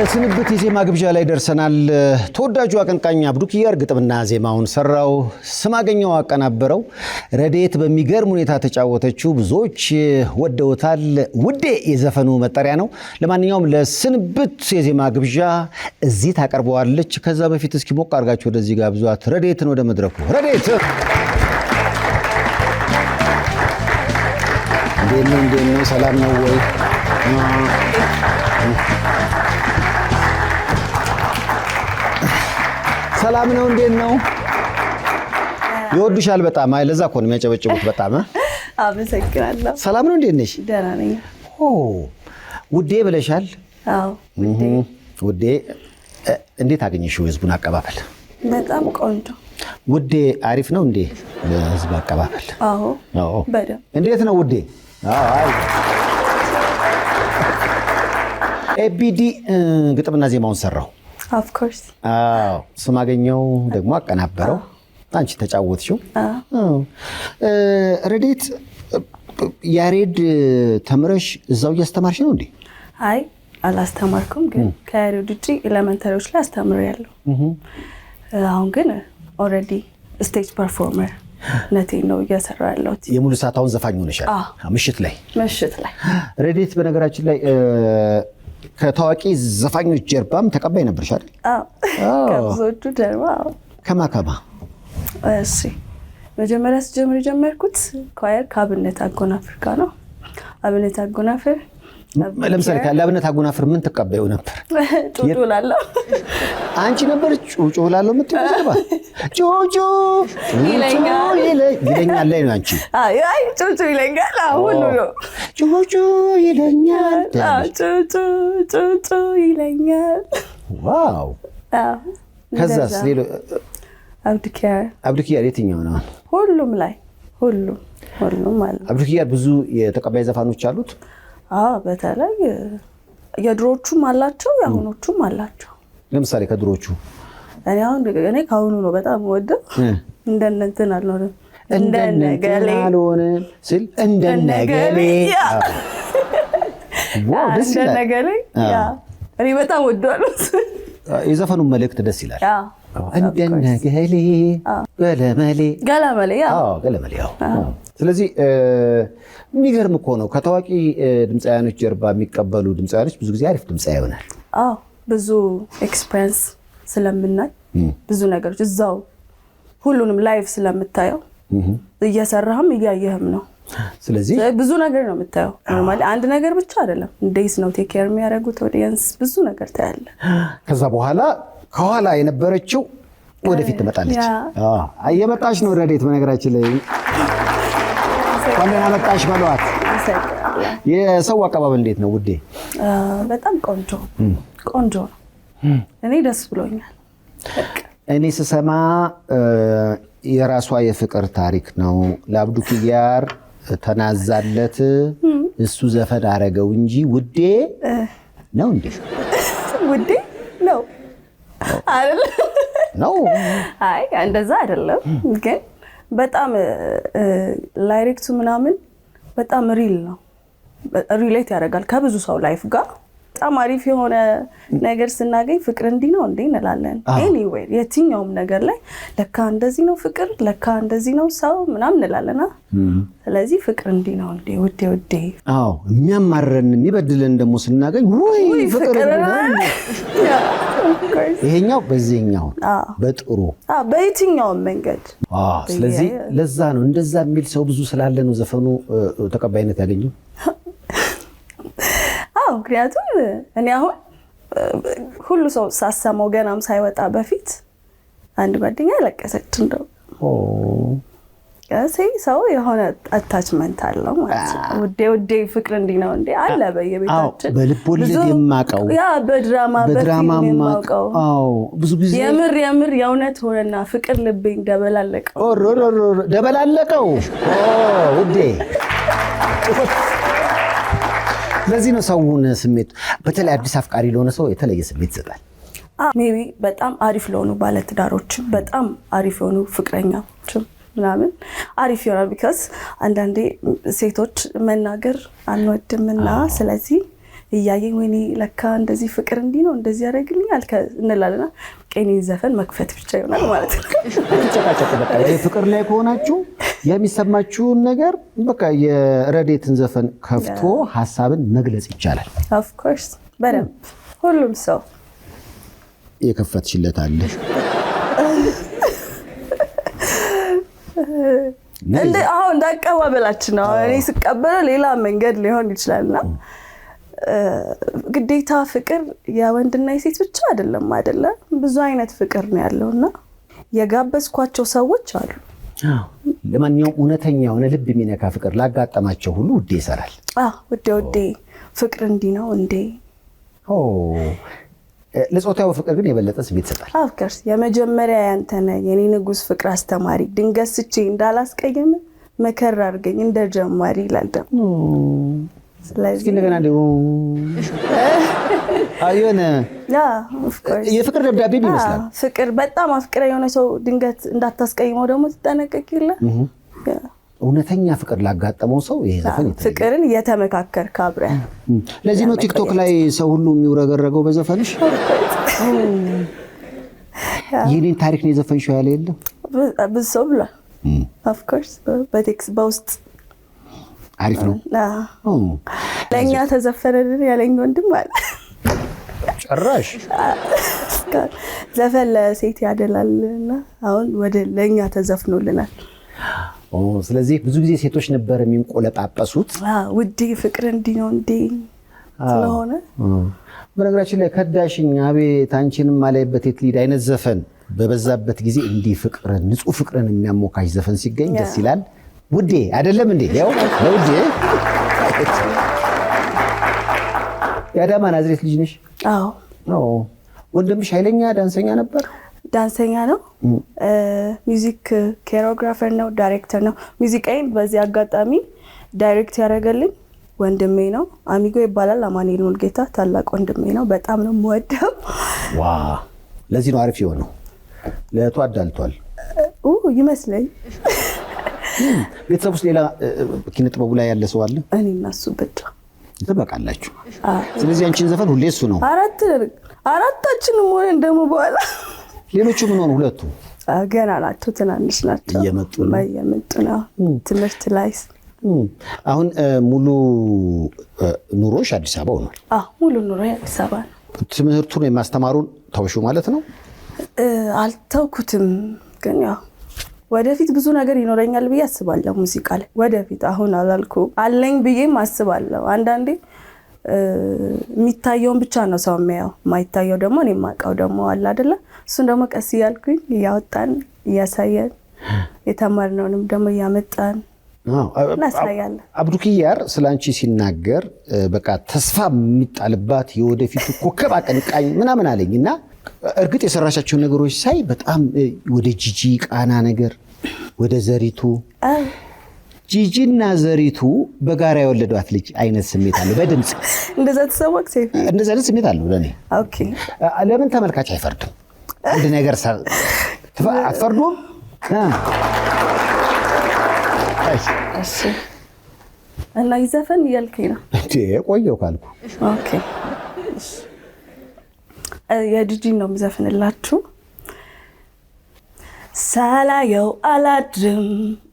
የስንብት የዜማ ግብዣ ላይ ደርሰናል። ተወዳጁ አቀንቃኝ አብዱ ኪያር ግጥምና ዜማውን ሰራው፣ ስማገኘው አቀናበረው፣ ረዴት በሚገርም ሁኔታ ተጫወተችው። ብዙዎች ወደውታል። ውዴ የዘፈኑ መጠሪያ ነው። ለማንኛውም ለስንብት የዜማ ግብዣ እዚህ ታቀርበዋለች። ከዛ በፊት እስኪ ሞቅ አድርጋችሁ ወደዚህ ጋብዟት፣ ረዴትን ወደ መድረኩ ረዴት እንዴት ነው? እንዴት ነው? ሰላም ነው ወይ? ሰላም ነው? እንዴት ነው? ይወዱሻል በጣም። አይ ለዛ እኮ ነው የሚያጨበጭቡት። በጣም አመሰግናለሁ። ሰላም ነው? እንዴት ነሽ? ደህና ነኝ። ኦ ውዴ ብለሻል። አዎ ውዴ። እንዴት አገኘሽው የህዝቡን አቀባበል? በጣም ቆንጆ ውዴ። አሪፍ ነው እንዴ ህዝብ አቀባበል? አዎ እንዴት ነው ውዴ? ኤቢዲ ግጥምና ዜማውን ሰራው ኦፍኮርስ ስማገኘው ደግሞ አቀናበረው፣ አንቺ ተጫወትሽው። ረዴት ያሬድ ተምረሽ እዛው እያስተማርሽ ነው እንዴ? አይ አላስተማርኩም፣ ግን ከያሬድ ውጭ ኤሌመንተሪዎች ላይ አስተምሬያለሁ። አሁን ግን ኦልሬዲ ስቴጅ ፐርፎርመር ነቴን ነው እየሰራ ያለሁት። የሙሉ ሰዓት አሁን ዘፋኝ ሆነሻል? ምሽት ላይ ምሽት ላይ ረዴት በነገራችን ላይ ከታዋቂ ዘፋኞች ጀርባም ተቀባይ ነበርሽ አይደል? ከብዙዎቹ ጀርባ ከማከማ እሺ። መጀመሪያ ስጀምር የጀመርኩት ኳየር ከአብነት አጎናፍር ጋር ነው። አብነት አጎናፍር ለምሳሌ ከላብነት አጎናፍር ምን ትቀበዩ ነበር? ጩጩ ላለው አንቺ ነበር ጩጩ ላለው የምትቀባ ጩጩ ይለኛል ላይ ነው አንቺ ጩጩ ይለኛል ሁሉ ነው ጩጩ ይለኛል ጩጩ ጩጩ ይለኛል። ዋው ከዛ ሌሎ አብዱኪያር አብዱኪያር የትኛው ነው? ሁሉም ላይ ሁሉም ሁሉም ማለት አብዱኪያር ብዙ የተቀባይ ዘፋኖች አሉት። በተለይ የድሮቹም አላቸው የአሁኖቹም አላቸው። ለምሳሌ ከድሮቹ እኔ አሁን እኔ ከአሁኑ ነው በጣም ወደው እንደነ እንትን አልሆንም እንደነ አልሆንም ስል እንደነ ገሌ እኔ በጣም ወደዋለሁ። የዘፈኑ መልእክት ደስ ይላል። እንደነገሌ ገለመሌ ገለመሌ ገለመሌ። ስለዚህ የሚገርም እኮ ነው። ከታዋቂ ድምፃያኖች ጀርባ የሚቀበሉ ድምፃያኖች ብዙ ጊዜ አሪፍ ድምፃ ይሆናል። አዎ ብዙ ኤክስፔሪንስ ስለምናይ ብዙ ነገሮች እዛው ሁሉንም ላይቭ ስለምታየው እየሰራህም እያየህም ነው። ስለዚህ ብዙ ነገር ነው የምታየው። ኖርማሊ አንድ ነገር ብቻ አይደለም። እንዴት ነው ቴክ ኬር የሚያደርጉት ኦዲየንስ፣ ብዙ ነገር ታያለ። ከዛ በኋላ ከኋላ የነበረችው ወደፊት ትመጣለች። እየመጣች ነው ረዴት በነገራችን ላይ እንኳን አመጣሽ በሏት። የሰው አቀባበል እንዴት ነው ውዴ? በጣም ቆንጆ ቆንጆ ነው። እኔ ደስ ብሎኛል። እኔ ስሰማ የራሷ የፍቅር ታሪክ ነው። ለአብዱ ኪያር ተናዛለት እሱ ዘፈን አረገው እንጂ ውዴ ነው እንዴ? ውዴ ነው አይደለም? ነው። አይ እንደዛ አይደለም ግን በጣም ላይሬክቱ ምናምን በጣም ሪል ነው፣ ሪሌት ያደርጋል ከብዙ ሰው ላይፍ ጋር በጣም አሪፍ የሆነ ነገር ስናገኝ ፍቅር እንዲህ ነው እንዴ እንላለን። ኤኒዌይ የትኛውም ነገር ላይ ለካ እንደዚህ ነው ፍቅር፣ ለካ እንደዚህ ነው ሰው ምናምን እንላለና ስለዚህ ፍቅር እንዲህ ነው እንዴ ውዴ ውዴ። አዎ የሚያማረን የሚበድልን ደግሞ ስናገኝ ውይ ፍቅር ይሄኛው በዚህኛው በጥሩ በየትኛውም መንገድ። ስለዚህ ለዛ ነው እንደዛ የሚል ሰው ብዙ ስላለ ነው ዘፈኑ ተቀባይነት ያገኘው። አዎ፣ ምክንያቱም እኔ አሁን ሁሉ ሰው ሳሰማው ገናም ሳይወጣ በፊት አንድ ጓደኛ ያለቀሰች እንደው ሰው የሆነ አታችመንት አለው ማለት ውዴ ውዴ ፍቅር እንዲህ ነው እንዴ አለ በየቤታችን። በልቦለድ የማውቀው በድራማ በድራማ የማውቀው ብዙ ጊዜ የምር የምር የእውነት ሆነና ፍቅር ልቤን ደበላለቀው ደበላለቀው ውዴ ለዚህ ነው ሰውን ስሜቱ በተለይ አዲስ አፍቃሪ ለሆነ ሰው የተለየ ስሜት ይሰጣል። ሜይ ቢ በጣም አሪፍ ለሆኑ ባለትዳሮች፣ በጣም አሪፍ የሆኑ ፍቅረኛዎች ምናምን አሪፍ ይሆናል። ቢካዝ አንዳንዴ ሴቶች መናገር አንወድምና ስለዚህ እያየኝ ወይኔ ለካ እንደዚህ ፍቅር እንዲህ ነው እንደዚህ ያደርግልኛል እንላለና ቀኔን ዘፈን መክፈት ብቻ ይሆናል ማለት ነው። ፍቅር ላይ ከሆናችሁ የሚሰማችሁን ነገር በቃ የረዴትን ዘፈን ከፍቶ ሀሳብን መግለጽ ይቻላል። ኦፍኮርስ በደንብ ሁሉም ሰው የከፈትሽለት አለ እንደ አሁን እንዳቀባበላችን ነው። እኔ ስቀበለው ሌላ መንገድ ሊሆን ይችላልና ግዴታ ፍቅር የወንድና የሴት ብቻ አይደለም፣ አይደለ? ብዙ አይነት ፍቅር ነው ያለው እና የጋበዝኳቸው ሰዎች አሉ። ለማንኛውም እውነተኛ የሆነ ልብ የሚነካ ፍቅር ላጋጠማቸው ሁሉ ውዴ ይሰራል። ውዴ ውዴ ፍቅር እንዲህ ነው እንዴ? ለጾታዊ ፍቅር ግን የበለጠ ስሜት ይሰጣል። አፍከርስ የመጀመሪያ ያንተነ የኔ ንጉስ ፍቅር አስተማሪ ድንገት ስቼ እንዳላስቀየም መከር አድርገኝ እንደ ጀማሪ ይላል ደግሞ ስለዚህ እንደገና የሆነ የፍቅር ደብዳቤ ይመስላል። ፍቅር በጣም አፍቅረ የሆነ ሰው ድንገት እንዳታስቀይመው ደግሞ ትጠነቀቅ የለ እውነተኛ ፍቅር ላጋጠመው ሰው ይሄ ዘፈን ፍቅርን የተመካከር ካብረ ለዚህ ነው ቲክቶክ ላይ ሰው ሁሉ የሚውረገረገው በዘፈንሽ። የኔን ታሪክ ነው የዘፈንሽው ያለ የለም ብዙ ሰው ብሏል። ኦፍኮርስ በቴክስት በውስጥ አሪፍ ነው። ለእኛ ተዘፈነልን ያለኝ ወንድም አለ። ጭራሽ ዘፈን ለሴት ያደላል እና አሁን ወደ ለእኛ ተዘፍኖልናል። ስለዚህ ብዙ ጊዜ ሴቶች ነበር የሚንቆለጳጳሱት ውዴ ፍቅር እንዲህ ነው እንዴ ስለሆነ በነገራችን ላይ ከዳሽኝ አቤት አንቺንም ማላይበት የት ሊድ አይነት ዘፈን በበዛበት ጊዜ እንዲህ ፍቅርን ንጹህ ፍቅርን የሚያሞካሽ ዘፈን ሲገኝ ደስ ይላል። ውዴ አይደለም እንዴ? ያው ለውዴ የአዳማ ናዝሬት ልጅ ነሽ? አዎ። ወንድምሽ ኃይለኛ ዳንሰኛ ነበር? ዳንሰኛ ነው። ሚዚክ ኬሮግራፈር ነው፣ ዳይሬክተር ነው። ሙዚቃዬን በዚህ አጋጣሚ ዳይሬክት ያደረገልኝ ወንድሜ ነው፣ አሚጎ ይባላል። አማኑኤል ሙልጌታ ታላቅ ወንድሜ ነው። በጣም ነው የምወደው። ዋ ለዚህ ነው አሪፍ የሆነው። ለቷ አዳልቷል ይመስለኝ ቤተሰብ ውስጥ ሌላ ኪነ ጥበቡ ላይ ያለ ሰው አለ? እኔ እና እሱ ብቻ ትበቃላችሁ። ስለዚህ አንቺን ዘፈን ሁሌ እሱ ነው። አራታችንም ሆነን ደግሞ በኋላ ሌሎቹ ምን ሆኑ? ሁለቱ ገና ናቸው፣ ትናንሽ ናቸው። እየመጡ ነው እየመጡ ነው። ትምህርት ላይ አሁን ሙሉ ኑሮሽ አዲስ አበባ ሆኗል? ሙሉ ኑሮ አዲስ አበባ ነው። ትምህርቱን የማስተማሩን ተውሹ ማለት ነው? አልተውኩትም ግን ያው ወደፊት ብዙ ነገር ይኖረኛል ብዬ አስባለሁ። ሙዚቃ ላይ ወደፊት አሁን አላልኩ አለኝ ብዬም አስባለሁ። አንዳንዴ የሚታየውን ብቻ ነው ሰው የሚያየው፣ የማይታየው ደግሞ እኔ የማውቀው ደግሞ አለ አይደለ? እሱን ደግሞ ቀስ እያልኩኝ እያወጣን እያሳየን የተማርነውንም ደግሞ እያመጣን እናሳያለን። አብዱኪያር ስለ አንቺ ሲናገር በቃ ተስፋ የሚጣልባት የወደፊቱ ኮከብ አቀንቃኝ ምናምን አለኝ እና እርግጥ የሰራሻቸው ነገሮች ሳይ በጣም ወደ ጂጂ ቃና ነገር ወደ ዘሪቱ ጂጂና ዘሪቱ በጋራ የወለዷት ልጅ አይነት ስሜት አለው። በድምፅ እንደዛ ተሰማክ? እንደዛ አይነት ስሜት አለው ለእኔ። ለምን ተመልካች አይፈርድም? አንድ ነገር አትፈርዱም? እና ይዘፈን እያልከኝ ነው? ቆየው ካልኩ የጂጂን ነው የምዘፍንላችሁ። ሳላየው አላድርም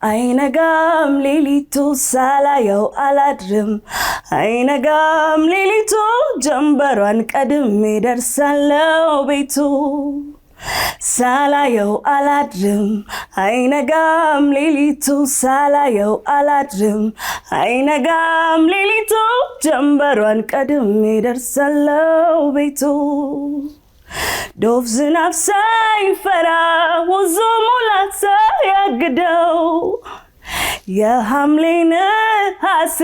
አይነጋም ሌሊቱ፣ ሳላየው አላድርም አይነጋም ሌሊቱ፣ ጀንበሯን ቀድሜ ደርሳለው ቤቱ ሳላየው አላድርም አይነጋም ሌሊቱ ሳላየው አላድርም አይነጋም ሌሊቱ ጀንበሯን ቀድሜ ደርሳለው ቤቱ ዶፍ ዝናብ ሳይፈራ ወዞ ሙላት ሳያግደው የሐምሌ ነሐሴ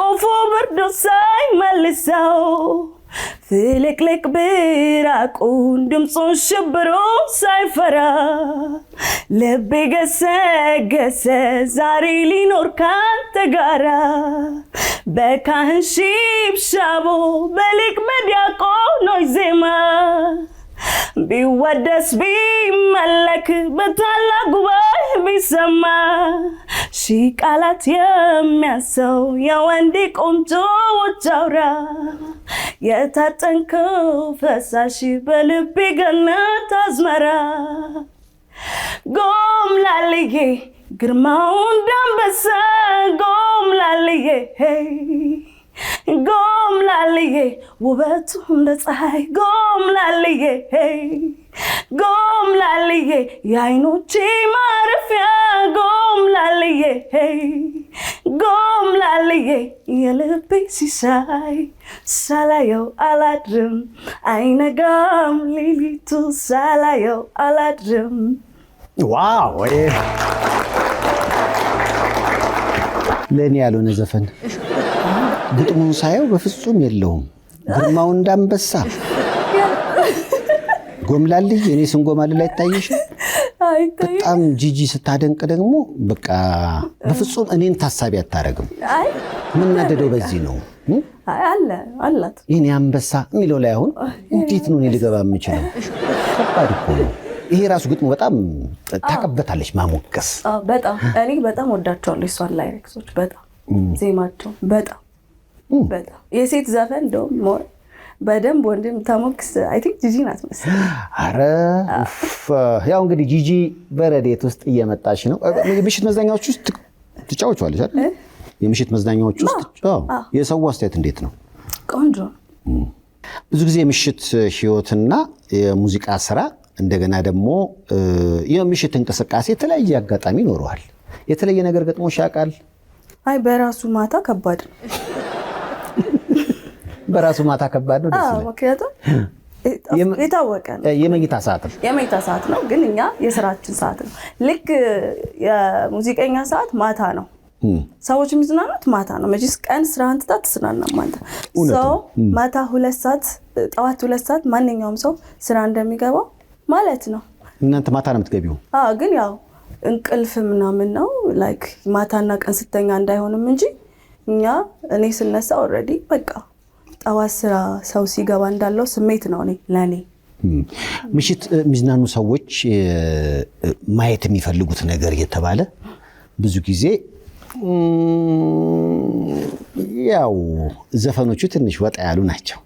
ቆፎ ብርዱ ሳይመልሰው ፍልቅልቅ ብራቁን ድምፁን ሽብሮ ሳይፈራ ልቤ ገሰገሰ ዛሬ ሊኖር ካንተ ጋራ በካህን ሺብሻቦ በሊቅ በዲያቆኖች ዜማ ቢወደስ ቢመለክ በታላቅ ጉባኤ ቢሰማ ሺ ቃላት የሚያሰው የወንድ ቆንጆ ጃውራ የታጠንከው ፈሳሽ በልቤ ገነት አዝመራ ጎም ላልዬ ግርማውን ዳንበሳ ጎም ላልዬ ጎም ጎምላልዬ ውበቱ እንደ ፀሐይ ጎም ጎም ጎምላልዬ የአይኖቼ ማረፊያ ጎም ጎም ጎምላልዬ የልቤ ሲሳይ ሳላየው አላድርም አይነጋም ሌሊቱ ሳላየው አላድርም። ዋው ለእኔ ያልሆነ ዘፈን ግጥሙን ሳየው በፍጹም የለውም። ግርማው እንዳንበሳ ጎምላልይ እኔ ላይ አይታየሽም። በጣም ጂጂ ስታደንቅ ደግሞ በቃ በፍጹም እኔን ታሳቢ አታደርግም። የምናደደው በዚህ ነው። አላት አንበሳ የሚለው ላይ አሁን እንዴት ነው እኔ ልገባ የምችለው? ከባድ እኮ ነው ይሄ ራሱ ግጥሙ። በጣም ታቀበታለች ማሞገስ። በጣም እኔ በጣም ወዳቸዋለሁ። እሷን ላይ በጣም ዜማቸው በጣም በጣም የሴት ዘፈን እንደውም በደንብ ወንድም ተሞክስ አይ ቲንክ ጂጂ ናት መሰለኝ። አረ ያው እንግዲህ ጂጂ በረዴት ውስጥ እየመጣች ነው። ምሽት መዝናኛዎች ውስጥ ትጫወቻለች አይደል? የምሽት መዝናኛዎች ውስጥ የሰው አስተያየት እንዴት ነው? ቆንጆ። ብዙ ጊዜ የምሽት ህይወትና የሙዚቃ ስራ እንደገና ደግሞ የምሽት እንቅስቃሴ የተለያየ አጋጣሚ ይኖረዋል። የተለየ ነገር ገጥሞሽ ያውቃል? አይ በራሱ ማታ ከባድ ነው በራሱ ማታ ከባድ ነው። ምክንያቱም የታወቀ ነው የመኝታ ሰዓት ነው የመኝታ ሰዓት ነው፣ ግን እኛ የስራችን ሰዓት ነው። ልክ የሙዚቀኛ ሰዓት ማታ ነው። ሰዎች የሚዝናኑት ማታ ነው። መቼስ ቀን ስራ ትታ ትዝናናለህ ማለት ሰው ማታ ሁለት ሰዓት ጠዋት ሁለት ሰዓት ማንኛውም ሰው ስራ እንደሚገባው ማለት ነው። እናንተ ማታ ነው የምትገቢው? አዎ። ግን ያው እንቅልፍ ምናምን ነው ላይክ ማታና ቀን ስተኛ እንዳይሆንም እንጂ እኛ እኔ ስነሳ ኦልሬዲ በቃ ጠዋት ስራ ሰው ሲገባ እንዳለው ስሜት ነው ለእኔ። ምሽት የሚዝናኑ ሰዎች ማየት የሚፈልጉት ነገር እየተባለ ብዙ ጊዜ ያው ዘፈኖቹ ትንሽ ወጣ ያሉ ናቸው።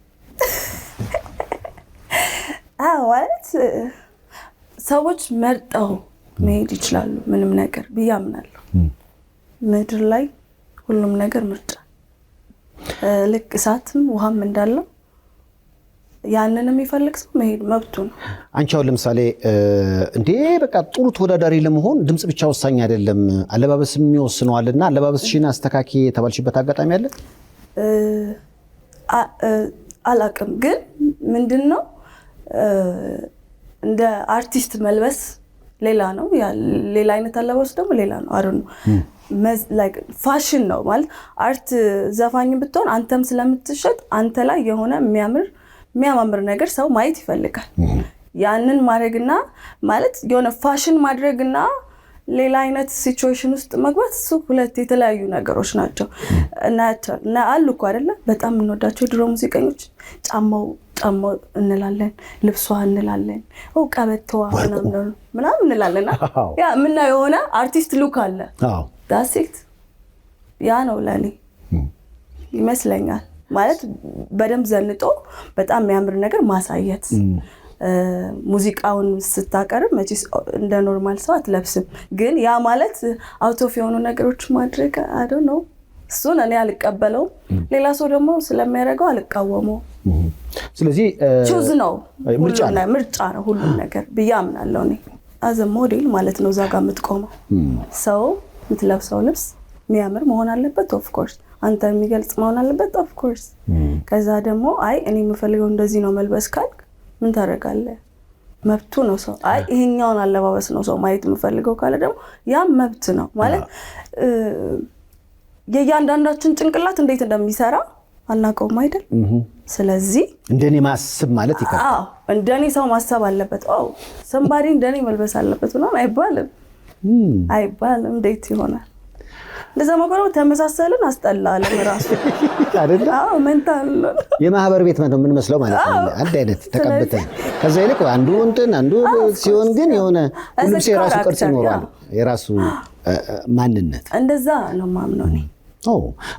ማለት ሰዎች መርጠው መሄድ ይችላሉ ምንም ነገር ብዬ አምናለሁ። ምድር ላይ ሁሉም ነገር ምርጫ ልክ እሳትም ውሃም እንዳለው ያንን የሚፈልግ ሰው መሄድ መብቱ ነው። አንቺ አሁን ለምሳሌ እንዴ በቃ ጥሩ ተወዳዳሪ ለመሆን ድምፅ ብቻ ወሳኝ አይደለም፣ አለባበስ የሚወስነዋል እና አለባበስሽን አስተካኪ የተባልሽበት አጋጣሚ አለ? አላቅም ግን ምንድን ነው እንደ አርቲስት መልበስ ሌላ ነው፣ ሌላ አይነት አለባበስ ደግሞ ሌላ ነው። አሩ ነው ፋሽን ነው ማለት አርት ዘፋኝ ብትሆን አንተም ስለምትሸጥ አንተ ላይ የሆነ የሚያምር የሚያማምር ነገር ሰው ማየት ይፈልጋል። ያንን ማድረግና ማለት የሆነ ፋሽን ማድረግና ሌላ አይነት ሲቹዌሽን ውስጥ መግባት እሱ ሁለት የተለያዩ ነገሮች ናቸው። እናያቸዋል እና አሉ እኮ አይደለ በጣም የምንወዳቸው የድሮ ሙዚቀኞች ጫማው ጫማው እንላለን፣ ልብሷ እንላለን፣ ቀበቶዋ ምናምን እንላለና ያ ምና የሆነ አርቲስት ሉክ አለ ዳሴት ያ ነው ለእኔ hmm. ይመስለኛል። ማለት በደንብ ዘንጦ በጣም የሚያምር ነገር ማሳየት። hmm. ሙዚቃውን ስታቀርብ መቼስ እንደ ኖርማል ሰው አትለብስም፣ ግን ያ ማለት አውቶፍ የሆኑ ነገሮች ማድረግ አዶ ነው። እሱን እኔ አልቀበለውም። hmm. ሌላ ሰው ደግሞ ስለሚያደርገው አልቃወመው። ስለዚህ ቹዝ ነው ምርጫ ነው ሁሉም ነገር ብዬ አምናለሁ እኔ አዘ ሞዴል ማለት ነው እዛ ጋር የምትቆመው ሰው የምትለብሰው ልብስ የሚያምር መሆን አለበት ኦፍኮርስ አንተ የሚገልጽ መሆን አለበት ኦፍኮርስ hmm. ከዛ ደግሞ አይ እኔ የምፈልገው እንደዚህ ነው መልበስ ካልክ ምን ታደርጋለህ መብቱ ነው ሰው አይ ይሄኛውን አለባበስ ነው ሰው ማየት የምፈልገው ካለ ደግሞ ያም መብት ነው ማለት የእያንዳንዳችን ጭንቅላት እንዴት እንደሚሰራ አናውቀውም አይደል ስለዚህ እንደኔ ማስብ ማለት ይከብዳል እንደኔ ሰው ማሰብ አለበት ኦ እንደኔ መልበስ አለበት ምናምን አይባልም Hmm. አይባልም። እንዴት ይሆናል? እንደዛ መኮረም ተመሳሰልን፣ አስጠላ አለም ራሱ የማህበር ቤት ነው የምንመስለው ማለት ነው። አንድ አይነት ተቀብተን ከዛ ይልቅ አንዱ እንትን አንዱ ሲሆን ግን የሆነ ሁሉም ሰው የራሱ ቅርጽ ይኖረዋል፣ የራሱ ማንነት። እንደዛ ነው የማምነው እኔ።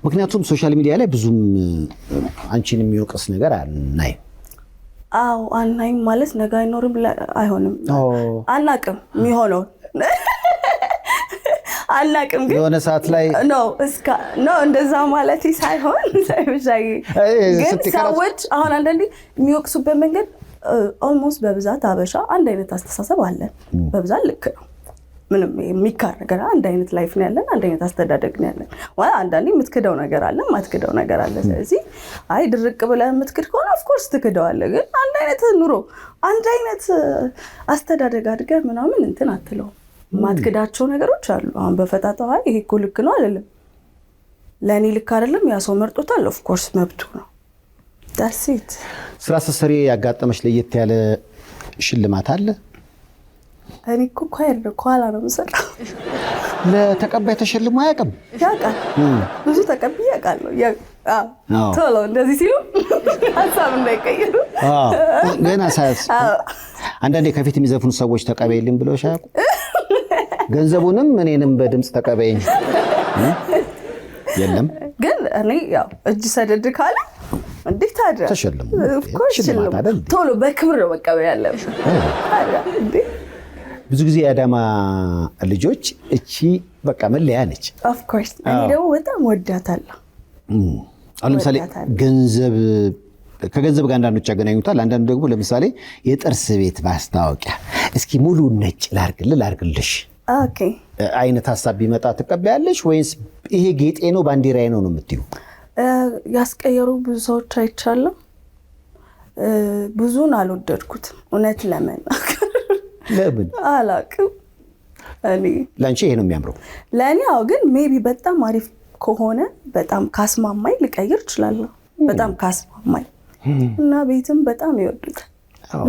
ምክንያቱም ሶሻል ሚዲያ ላይ ብዙም አንቺን የሚወቅስ ነገር አናይም። አዎ አናይም ማለት ነገ አይኖርም አይሆንም፣ አናቅም የሚሆነው አላቅም ግን የሆነ ሰዓት ላይ እንደዛ ማለት ሳይሆን ግን ሰዎች አሁን አንዳንዴ የሚወቅሱበት መንገድ ኦልሞስት በብዛት አበሻ አንድ አይነት አስተሳሰብ አለ። በብዛት ልክ ነው። ምንም የሚካር ነገር አንድ አይነት ላይፍ ነው ያለን፣ አንድ አይነት አስተዳደግ ነው ያለን። አንዳንዴ የምትክደው ነገር አለ፣ የማትክደው ነገር አለ። ስለዚህ አይ ድርቅ ብለህ የምትክድ ከሆነ ኦፍኮርስ ትክደዋለህ። ግን አንድ አይነት ኑሮ፣ አንድ አይነት አስተዳደግ አድገህ ምናምን እንትን አትለውም። የማትክዳቸው ነገሮች አሉ። አሁን በፈጣጣ ይሄ እኮ ልክ ነው አይደለም፣ ለእኔ ልክ አይደለም፣ ያ ሰው መርጦታል። ኦፍኮርስ መብቱ ነው። ዳሴት ስራ ስትሰሪ ያጋጠመች ለየት ያለ ሽልማት አለ? እኔ እኮ ኳየር ነው፣ ከኋላ ነው የምሰራው። ለተቀባይ ተሸልሞ አያውቅም። ያውቃል፣ ብዙ ተቀብዬ አውቃለሁ። ቶሎ እንደዚህ ሲሉ ሀሳብ እንዳይቀይሩ ገና ሳያስ አንዳንዴ ከፊት የሚዘፍኑ ሰዎች ተቀበይልኝ ብለው አያውቁም ገንዘቡንም እኔንም በድምፅ ተቀበይኝ። የለም ግን እኔ ያው እጅ ሰደድ ካለ እንዴት ታዲያ ተሸልሙ ቶሎ በክብር ነው መቀበል ያለብህ። ብዙ ጊዜ የአዳማ ልጆች እቺ በቃ መለያ ነች። ኦፍኮርስ እኔ ደግሞ በጣም ወዳታለሁ። አሁን ለምሳሌ ገንዘብ ከገንዘብ ጋር አንዳንዶች ያገናኙታል። አንዳንዱ ደግሞ ለምሳሌ የጥርስ ቤት ማስታወቂያ እስኪ ሙሉ ነጭ ላርግል ላርግልሽ አይነት ሀሳብ ቢመጣ ትቀበያለሽ ወይስ ይሄ ጌጤ ነው ባንዲራዬ ነው ነው የምትዩ? ያስቀየሩ ብዙ ሰዎች አይቻለሁ። ብዙን አልወደድኩትም። እውነት ለመናገር ለምን አላውቅም። ለአንቺ ይሄ ነው የሚያምረው ለእኔ። አዎ፣ ግን ሜቢ በጣም አሪፍ ከሆነ በጣም ካስማማኝ ልቀይር እችላለሁ። በጣም ካስማማኝ እና ቤትም በጣም ይወዱታል።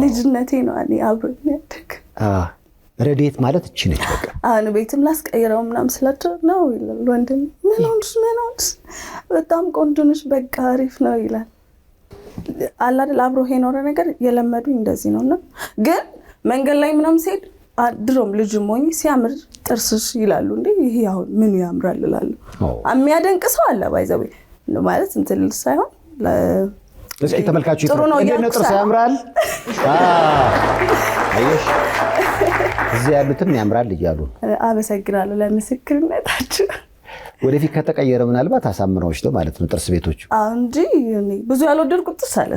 ልጅነቴ ነው አብሮ ያደግ ረዴት ማለት እቺ ነች። በቃ አሁን ቤትም ላስቀይረው ምናምን ስላቸው ነው ይላል ወንድም። ምን ሆንሽ? ምን ሆንሽ? በጣም ቆንጆ ነሽ፣ በቃ አሪፍ ነው ይላል። አላደል አብሮ የኖረ ነገር የለመዱኝ እንደዚህ ነው። እና ግን መንገድ ላይ ምናምን ሲሄድ ድሮም ልጅ ሞኝ ሲያምር ጥርስሽ ይላሉ። እንደ ይህ አሁን ምኑ ያምራል ይላሉ። የሚያደንቅ ሰው አለ ባይዘዌ ማለት እንትን ሳይሆን ተመልካቹ ጥሩ ነው ጥርስ ያምራል እዚህ ያሉትም ያምራል እያሉ አመሰግናለሁ ለምስክርነታችሁ። ወደፊት ከተቀየረ ምናልባት አሳምነዎች ነው ማለት ነው ጥርስ ቤቶቹ እንጂ ብዙ ያልወደድኩት ጥርስ አለ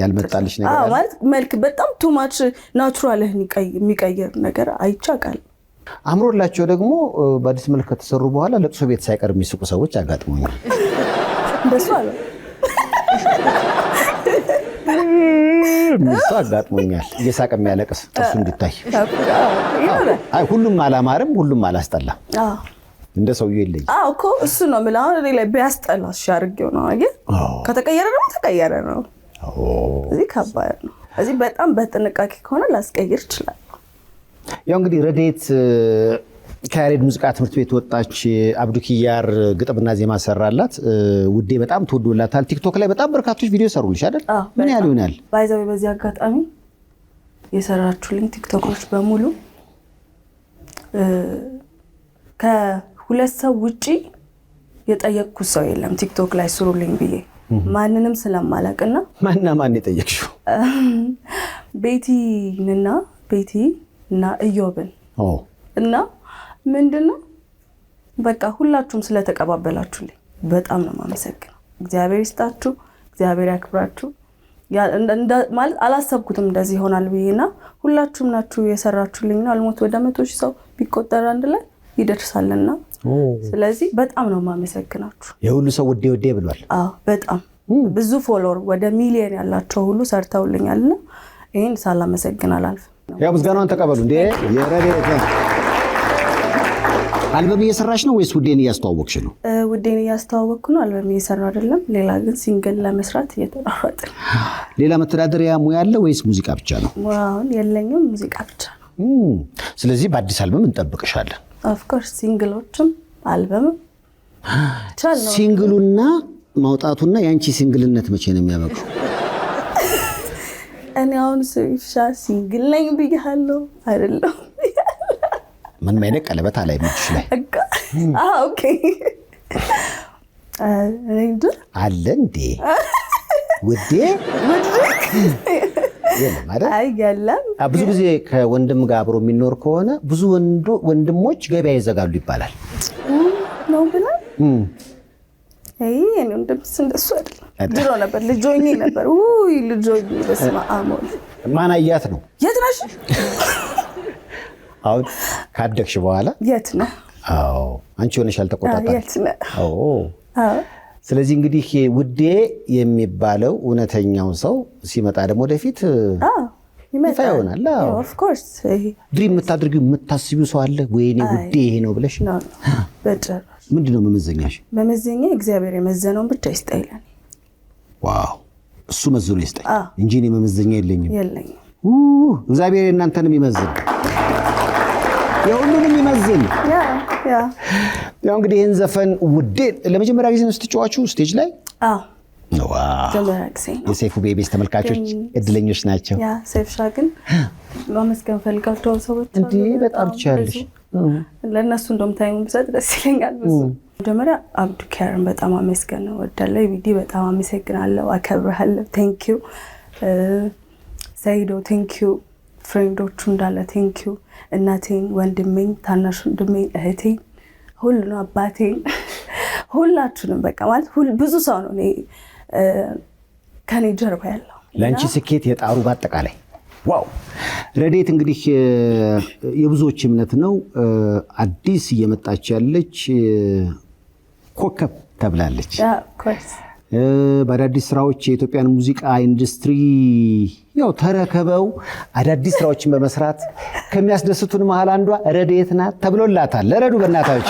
ያልመጣልሽ ነገር ማለት መልክ በጣም ቱማች ናቹራልህን የሚቀይር ነገር አይቻቃል። አምሮላቸው ደግሞ በአዲስ መልክ ከተሰሩ በኋላ ለቅሶ ቤት ሳይቀር የሚስቁ ሰዎች አጋጥሞኛል። እንደሱ አለ ሚስቱ አጋጥሞኛል። እየሳቅ የሚያለቅስ ጥርሱ እንዲታይ። አይ ሁሉም አላማርም፣ ሁሉም አላስጠላም። እንደ ሰውዬ የለኝ እኮ እሱ ነው የምልህ። እኔ ላይ ቢያስጠላ እሺ አድርጌው ነው አይደል? ከተቀየረ ደግሞ ተቀየረ ነው። እዚህ ከባድ ነው። እዚህ በጣም በጥንቃቄ ከሆነ ላስቀይር ይችላል። ያው እንግዲህ ረዴት ከያሬድ ሙዚቃ ትምህርት ቤት ወጣች። አብዱኪያር ግጥምና ዜማ ሰራላት። ውዴ በጣም ተወዶላታል። ቲክቶክ ላይ በጣም በርካቶች ቪዲዮ ሰሩልሽ አይደል? ምን ያህል ይሆናል? ባይዘው በዚህ አጋጣሚ የሰራችሁልኝ ቲክቶኮች በሙሉ ከሁለት ሰው ውጪ የጠየቅኩት ሰው የለም ቲክቶክ ላይ ስሩልኝ ብዬ ማንንም ስለማላቅና ማንና ማን የጠየቅሽው? ቤቲንና ቤቲ እና እዮብን እና ምንድን ነው በቃ ሁላችሁም ስለተቀባበላችሁልኝ በጣም ነው የማመሰግነው። እግዚአብሔር ይስጣችሁ፣ እግዚአብሔር ያክብራችሁ። ማለት አላሰብኩትም እንደዚህ ይሆናል ብዬና ሁላችሁም ናችሁ የሰራችሁልኝ ነው። አልሞት ወደ መቶ ሺህ ሰው ቢቆጠር አንድ ላይ ይደርሳልና ስለዚህ በጣም ነው የማመሰግናችሁ። የሁሉ ሰው ውዴ ውዴ ብሏል። በጣም ብዙ ፎሎወር ወደ ሚሊየን ያላቸው ሁሉ ሰርተውልኛልና ይህን ሳላመሰግን አላልፍም። ያው ምስጋናውን ተቀበሉ እንዴ የረዴ አልበም እየሰራሽ ነው ወይስ ውዴን እያስተዋወቅሽ ነው? ውዴን እያስተዋወቅኩ ነው። አልበም እየሰራ አይደለም። ሌላ ግን ሲንግል ለመስራት እየተሯሯጥ። ሌላ መተዳደሪያ ሙያ አለ ወይስ ሙዚቃ ብቻ ነው? ሙያውን የለኝም፣ ሙዚቃ ብቻ ነው። ስለዚህ በአዲስ አልበም እንጠብቅሻለን። ኦፍኮርስ ሲንግሎችም አልበምም። ሲንግሉና ማውጣቱና የአንቺ ሲንግልነት መቼ ነው የሚያበቁ? እኔ አሁን ስዊፍሻ ሲንግል ነኝ ብያለሁ አይደለም ምንም አይነት ቀለበት አላይምሽ ላይ አለ እንዴ ውዴ? ብዙ ጊዜ ከወንድም ጋር አብሮ የሚኖር ከሆነ ብዙ ወንድሞች ገበያ ይዘጋሉ ይባላል። ነው ብላ ድሮ ነበር ልጆኝ ነበር ልጆኝ በስመ አብ ነው የት ነሽ አሁን ካደግሽ በኋላ የት ነው? አዎ አንቺ ሆነሽ አልተቆጣጣሪ ስለዚህ እንግዲህ ውዴ የሚባለው እውነተኛው ሰው ሲመጣ ደግሞ ወደፊት ይፋ ይሆናል። ድሪም የምታደርጊው የምታስቢው ሰው አለ? ወይኔ ውዴ ይሄ ነው ብለሽ ምንድን ነው መመዘኛሽ? መመዘኛ እግዚአብሔር የመዘነውን ብቻ ይስጠይለን። ዋው እሱ መዝኖ ይስጠኝ እንጂ እኔ መመዘኛ የለኝም። እግዚአብሔር እናንተንም ይመዝን። የሁሉንም ይመዝን። ያው እንግዲህ ይህን ዘፈን ውዴ ለመጀመሪያ ጊዜ ነው ስትጫዋቹ ስቴጅ ላይ? አዎ የሴፉ ቤቤስ ተመልካቾች እድለኞች ናቸው። ሴፍ ሻ ግን ማመስገን ፈልጋቸው ሰዎች እንዲህ በጣም ትችላለሽ። ለእነሱ እንደውም ታይሙ ብሰጥ ደስ ይለኛል። መጀመሪያ አብዱ ኪያርን በጣም አመስገን ነው ወዳለው ቪዲ በጣም አመሰግናለሁ፣ አከብርሃለሁ። ቴንኪዩ ዘይዶ፣ ቴንኪዩ ፍሬንዶቹ እንዳለ ቴንኪዩ እናቴን፣ ወንድሜን፣ ታናሽ ወንድሜን፣ እህቴን፣ ሁሉ አባቴን፣ ሁላችንም በቃ ማለት ብዙ ሰው ነው እኔ ከኔ ጀርባ ያለው ለአንቺ ስኬት የጣሩ በአጠቃላይ ዋው ረዴት እንግዲህ የብዙዎች እምነት ነው። አዲስ እየመጣች ያለች ኮከብ ተብላለች። በአዳዲስ ስራዎች የኢትዮጵያን ሙዚቃ ኢንዱስትሪ ያው ተረከበው አዳዲስ ስራዎችን በመስራት ከሚያስደስቱን መሀል አንዷ ረድኤት ናት ተብሎላታል። ረዱ በእናታዎች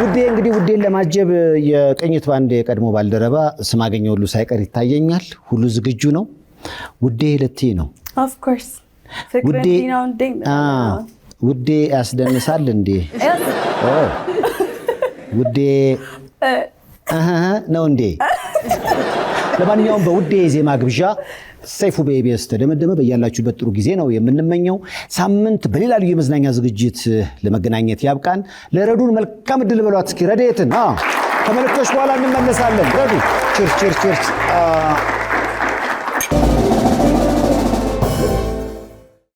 ውዴ እንግዲህ ውዴን ለማጀብ የቅኝት ባንድ የቀድሞ ባልደረባ ስማገኘ ሁሉ ሳይቀር ይታየኛል። ሁሉ ዝግጁ ነው። ውዴ ለት ነው። ውዴ ያስደንሳል እንዴ? ውዴ ነው እንዴ? ለማንኛውም በውዴ የዜማ ግብዣ ሰይፉ በኢቢኤስ ተደመደመ። በያላችሁበት ጥሩ ጊዜ ነው የምንመኘው። ሳምንት በሌላ ልዩ የመዝናኛ ዝግጅት ለመገናኘት ያብቃን። ለረዱን መልካም እድል በሏት እስኪ ረድኤትን ከመልክቶች በኋላ እንመለሳለን። ረዱ ችርስ